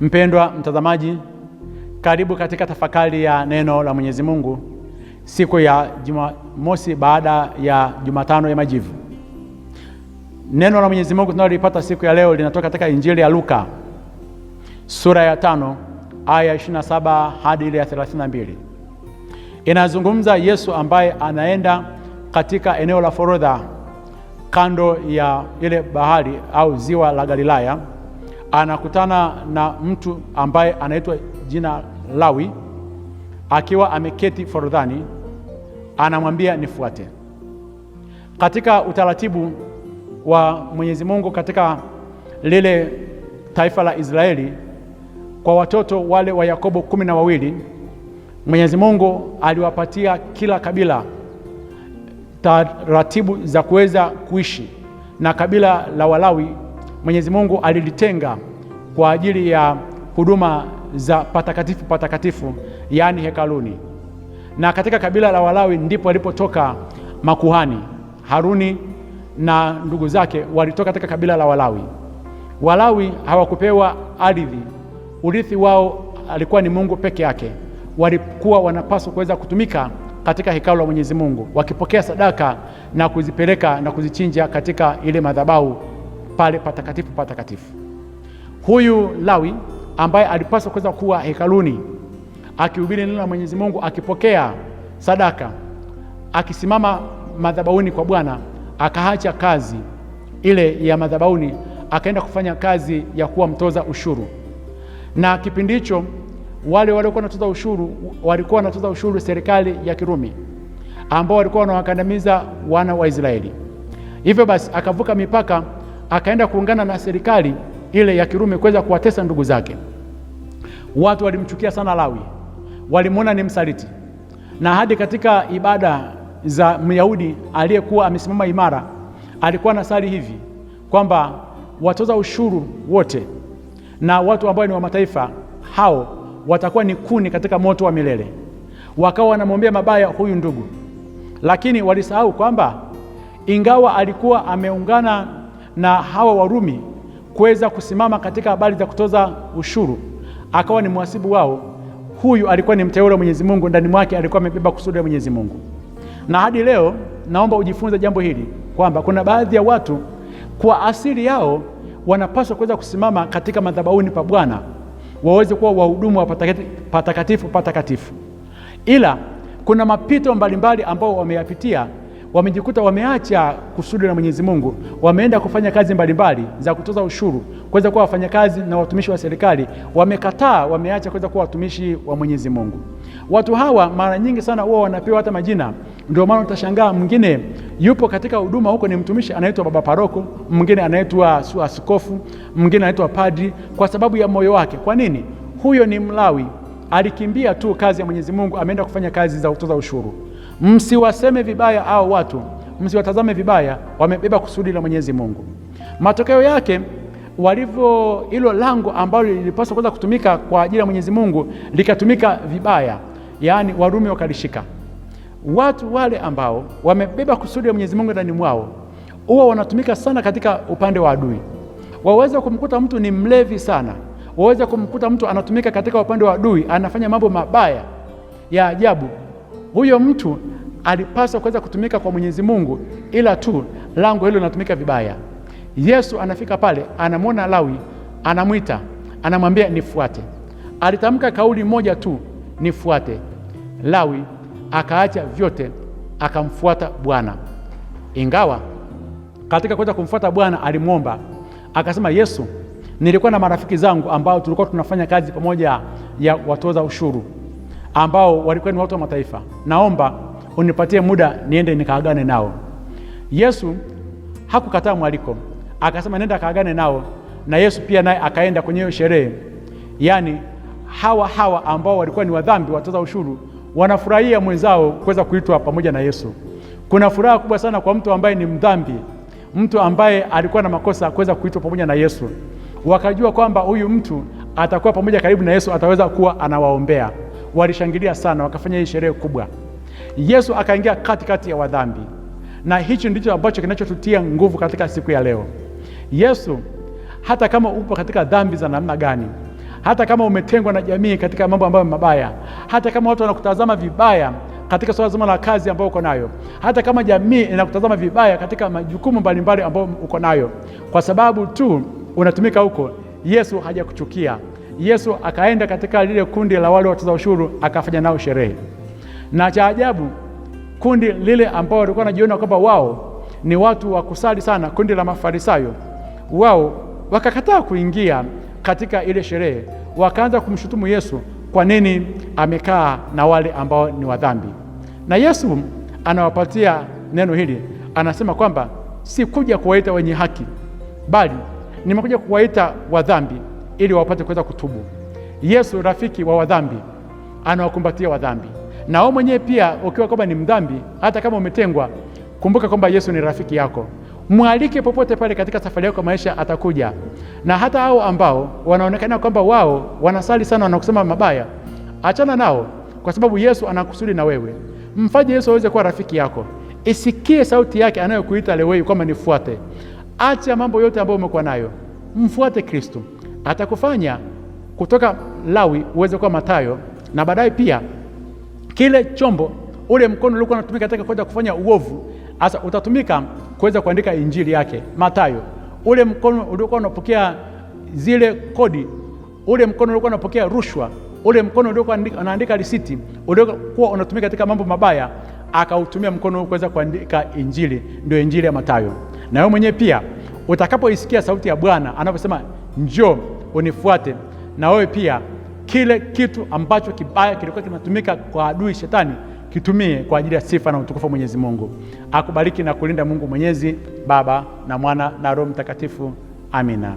Mpendwa mtazamaji, karibu katika tafakari ya neno la Mwenyezi Mungu siku ya Jumamosi baada ya Jumatano ya Majivu. Neno la Mwenyezi Mungu tunalolipata siku ya leo linatoka katika Injili ya Luka sura ya tano aya 27 hadi ile ya 32. Inazungumza Yesu ambaye anaenda katika eneo la forodha kando ya ile bahari au ziwa la Galilaya anakutana na mtu ambaye anaitwa jina Lawi akiwa ameketi forodhani, anamwambia nifuate. Katika utaratibu wa Mwenyezi Mungu katika lile taifa la Israeli, kwa watoto wale wa Yakobo kumi na wawili, Mwenyezi Mungu aliwapatia kila kabila taratibu za kuweza kuishi, na kabila la Walawi Mwenyezi Mungu alilitenga kwa ajili ya huduma za patakatifu patakatifu, yaani hekaluni. Na katika kabila la Walawi ndipo walipotoka makuhani. Haruni na ndugu zake walitoka katika kabila la Walawi. Walawi hawakupewa ardhi, urithi wao alikuwa ni Mungu peke yake. Walikuwa wanapaswa kuweza kutumika katika hekalu la Mwenyezi Mungu, wakipokea sadaka na kuzipeleka na kuzichinja katika ile madhabahu pale patakatifu patakatifu. Huyu Lawi ambaye alipaswa kuweza kuwa hekaluni akihubiri neno la Mwenyezi Mungu, akipokea sadaka, akisimama madhabahuni kwa Bwana, akaacha kazi ile ya madhabahuni, akaenda kufanya kazi ya kuwa mtoza ushuru. Na kipindi hicho wale waliokuwa wanatoza ushuru walikuwa wanatoza ushuru serikali ya Kirumi ambao walikuwa wanawakandamiza wana wa Israeli. Hivyo basi akavuka mipaka akaenda kuungana na serikali ile ya Kirumi kuweza kuwatesa ndugu zake. Watu walimchukia sana Lawi, walimwona ni msaliti, na hadi katika ibada za Myahudi aliyekuwa amesimama imara alikuwa na sali hivi kwamba watoza ushuru wote na watu ambao ni wa mataifa hao watakuwa ni kuni katika moto wa milele. Wakawa wanamwombea mabaya huyu ndugu, lakini walisahau kwamba ingawa alikuwa ameungana na hawa Warumi kuweza kusimama katika habari za kutoza ushuru, akawa ni mhasibu wao. Huyu alikuwa ni mteule wa Mwenyezi Mungu, ndani mwake alikuwa amebeba kusudi la Mwenyezi Mungu. Na hadi leo naomba ujifunze jambo hili kwamba kuna baadhi ya watu kwa asili yao wanapaswa kuweza kusimama katika madhabahuni pa Bwana waweze kuwa wahudumu wa patakatifu patakatifu, ila kuna mapito mbalimbali ambao wameyapitia wamejikuta wameacha kusudi la Mwenyezi Mungu, wameenda kufanya kazi mbalimbali za kutoza ushuru, kuweza kuwa wafanyakazi na watumishi wa serikali. Wamekataa, wameacha kuweza kuwa watumishi wa Mwenyezi Mungu. Watu hawa mara nyingi sana huwa wanapewa hata majina. Ndio maana utashangaa mwingine yupo katika huduma huko, ni mtumishi, anaitwa baba paroko, mwingine anaitwa askofu, mwingine anaitwa padri, kwa sababu ya moyo wake. Kwa nini? Huyo ni Mlawi, alikimbia tu kazi ya Mwenyezi Mungu, ameenda kufanya kazi za kutoza ushuru msiwaseme vibaya au watu, msiwatazame vibaya, wamebeba kusudi la Mwenyezi Mungu. Matokeo yake walivyo, hilo lango ambalo lilipaswa kwanza kutumika kwa ajili ya Mwenyezi Mungu likatumika vibaya, yaani Warumi wakalishika. Watu wale ambao wamebeba kusudi la Mwenyezi Mungu ndani mwao huwa wanatumika sana katika upande wa adui. Waweza kumkuta mtu ni mlevi sana, waweza kumkuta mtu anatumika katika upande wa adui, anafanya mambo mabaya ya ajabu huyo mtu alipaswa kuweza kutumika kwa Mwenyezi Mungu, ila tu lango hilo linatumika vibaya. Yesu anafika pale, anamwona Lawi, anamwita, anamwambia nifuate. Alitamka kauli moja tu, nifuate. Lawi akaacha vyote, akamfuata Bwana, ingawa katika kuweza kumfuata Bwana alimwomba akasema, Yesu, nilikuwa na marafiki zangu ambao tulikuwa tunafanya kazi pamoja ya watoza ushuru ambao walikuwa ni watu wa mataifa. Naomba unipatie muda niende nikaagane nao. Yesu hakukataa mwaliko, akasema nenda kaagane nao, na Yesu pia naye akaenda kwenye hiyo sherehe. Yaani hawa hawa ambao walikuwa ni wadhambi, watoza ushuru, wanafurahia mwenzao kuweza kuitwa pamoja na Yesu. Kuna furaha kubwa sana kwa mtu ambaye ni mdhambi, mtu ambaye alikuwa na makosa, kuweza kuitwa pamoja na Yesu. Wakajua kwamba huyu mtu atakuwa pamoja karibu na Yesu, ataweza kuwa anawaombea walishangilia sana, wakafanya hii sherehe kubwa. Yesu akaingia katikati ya wadhambi, na hicho ndicho ambacho kinachotutia nguvu katika siku ya leo. Yesu, hata kama upo katika dhambi za namna gani, hata kama umetengwa na jamii katika mambo ambayo mabaya, hata kama watu wanakutazama vibaya katika swala zima la kazi ambayo uko nayo, hata kama jamii inakutazama vibaya katika majukumu mbalimbali ambayo uko nayo, kwa sababu tu unatumika huko, Yesu hajakuchukia. Yesu akaenda katika lile kundi la wale watoza ushuru akafanya nao sherehe, na cha ajabu kundi lile ambao walikuwa wanajiona kwamba wao ni watu wa kusali sana, kundi la Mafarisayo, wao wakakataa kuingia katika ile sherehe, wakaanza kumshutumu Yesu, kwa nini amekaa na wale ambao ni wadhambi? Na Yesu anawapatia neno hili, anasema kwamba sikuja kuwaita wenye haki, bali nimekuja kuwaita wadhambi ili wapate kuweza kutubu. Yesu rafiki wa wadhambi anawakumbatia wadhambi, na wewe mwenyewe pia ukiwa kwamba ni mdhambi, hata kama umetengwa, kumbuka kwamba Yesu ni rafiki yako. Mwalike popote pale katika safari yako maisha, atakuja. Na hata hao ambao wanaonekana kwamba wao wanasali sana na kusema mabaya, achana nao, kwa sababu Yesu anakusudi na wewe. Mfanye Yesu aweze kuwa rafiki yako, isikie sauti yake anayokuita leo hii kwamba nifuate. Acha mambo yote ambayo umekuwa nayo, mfuate Kristo atakufanya kutoka Lawi uweze kuwa Mathayo, na baadaye pia kile chombo, ule mkono uliokuwa unatumika katika kuweza kufanya uovu, sasa utatumika kuweza kuandika injili yake Mathayo. Ule mkono uliokuwa unapokea zile kodi, ule mkono uliokuwa unapokea rushwa, ule mkono uliokuwa unaandika risiti, uliokuwa unatumika katika mambo mabaya, akautumia mkono kuweza kuandika injili, ndio injili ya Mathayo. Na wewe mwenyewe pia utakapoisikia sauti ya Bwana anaposema njoo unifuate, na wewe pia kile kitu ambacho kibaya kilikuwa kinatumika kwa adui shetani kitumie kwa ajili ya sifa na utukufu wa Mwenyezi Mungu. Akubariki na kulinda Mungu Mwenyezi, Baba na Mwana na Roho Mtakatifu. Amina.